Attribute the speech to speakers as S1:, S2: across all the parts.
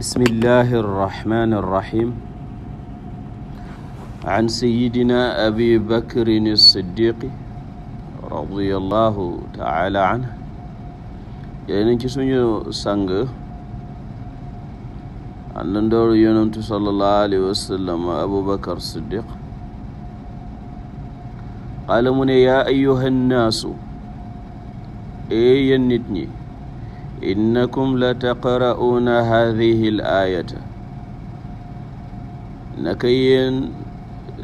S1: bismillahi irrahmani irrahim an sayidina abi bakrin siddiqi radiallahu taala anhu jële nañ ci suñu sang àndandooru yonentu sallallahu alayhi wa sallam abubakar siddiq qaala mu ne yaa ayyuha nnaasu ee yéen nit ñi innakum la taqra'uuna haadihi l aayata naka yéen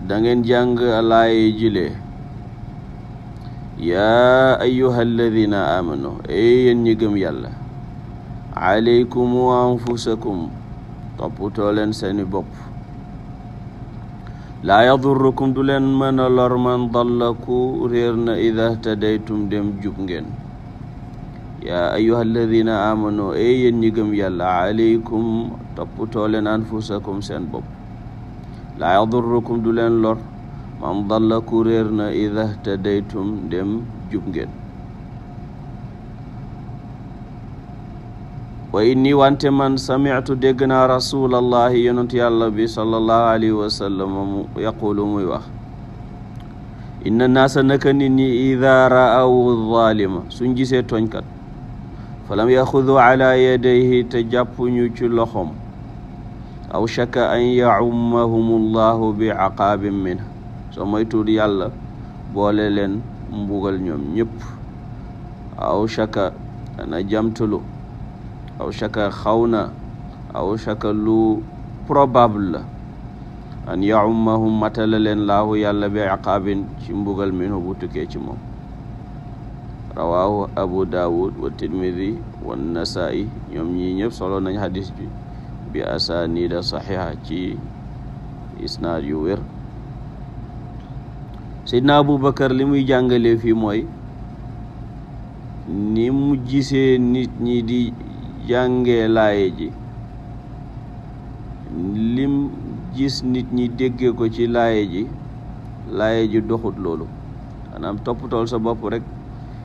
S1: da ngeen jàng laaye jile yaa ayyuha alladina aamanu ey yéen ñi gëm yàlla aleykum wa anfusakum toppatoo leen seeni bopp laa yadurrukum du leen mën a lor man dalla ku réer na ida htadaytum dem jub ngeen yaa ayuha alladina amanu e yéen ñi gëm yàlla aleykum toppatoo leen anfusakum seen bopp laa yadurrukum du leen lor man dalla ku réer na ida dem jub ngeen wa inni wante man sami'tu dégg naa rasulallahi yonent yàlla bi sallallahu alayhi wa sallam mu yaqulu muy wax inna naasa naka nit ñi ida suñ gisee tooñkat falam yaxudu ala yadayhi te jàppuñu ci loxom aw shakka an yacummahum llahu bi aqaabin min soo moytuwul yàlla boole leen mbugal ñoom ñëpp aw shakka dana jamtulu aw shakka xaw na aw shakka lu probable la an yacummahum matala leen laahu yàlla bi aqaabin ci mbugal minhu bu tukkee ci moom rawaahu abu daawud wa tirmidi wa nasaa'i ñoom ñii ñëpp solo nañ hadis bi bi asanida saxiha ci isnaad yu wér seydna abubakar li muy jàngale fii mooy ni mu jise nit ñi di jàngee laaye ji lim gis nit ñi déggee ko ci laaye ji laaye ji doxut loolu maanaam toppatool sa bopp rek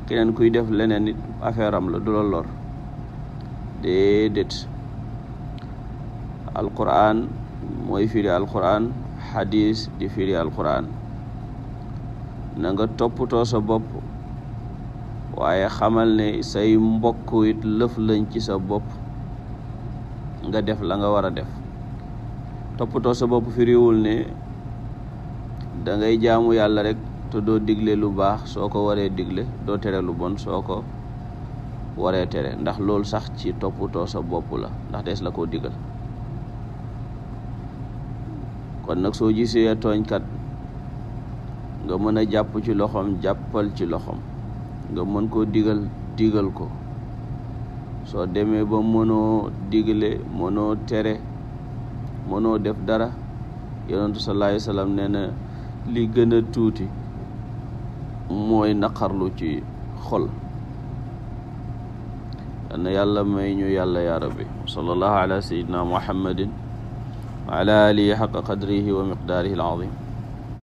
S1: keneen kuy def leneen nit affaire am la du la lor déedéet alquran mooy firi alquran xadis di firi alquran na nga toppatoo sa bopp waaye xamal ne say mbokk it lëf lañ ci sa bopp nga def la nga war a def toppatoo sa bopp firiwul ne da ngay jaamu yàlla rek te doo digle lu baax soo ko waree digle doo tere lu bon soo ko waree tere ndax loolu sax ci toppatoo sa bopp la ndax dees la koo digal kon nag soo gisee tooñkat nga mën a jàpp ci loxoom jàppal ci loxoom nga mën koo digal digal ko soo demee ba mënoo digle mënoo tere mënoo def dara yonentu sallallahu alayhi wasallam nee na li gën a tuuti mooy naqarlu ci xol yal na yàlla may ñu yàlla yaa rabbi sallallahu ala sayyidina muhammadin wa ala alihi xaqa qadrihi wa miqdaarihi al azim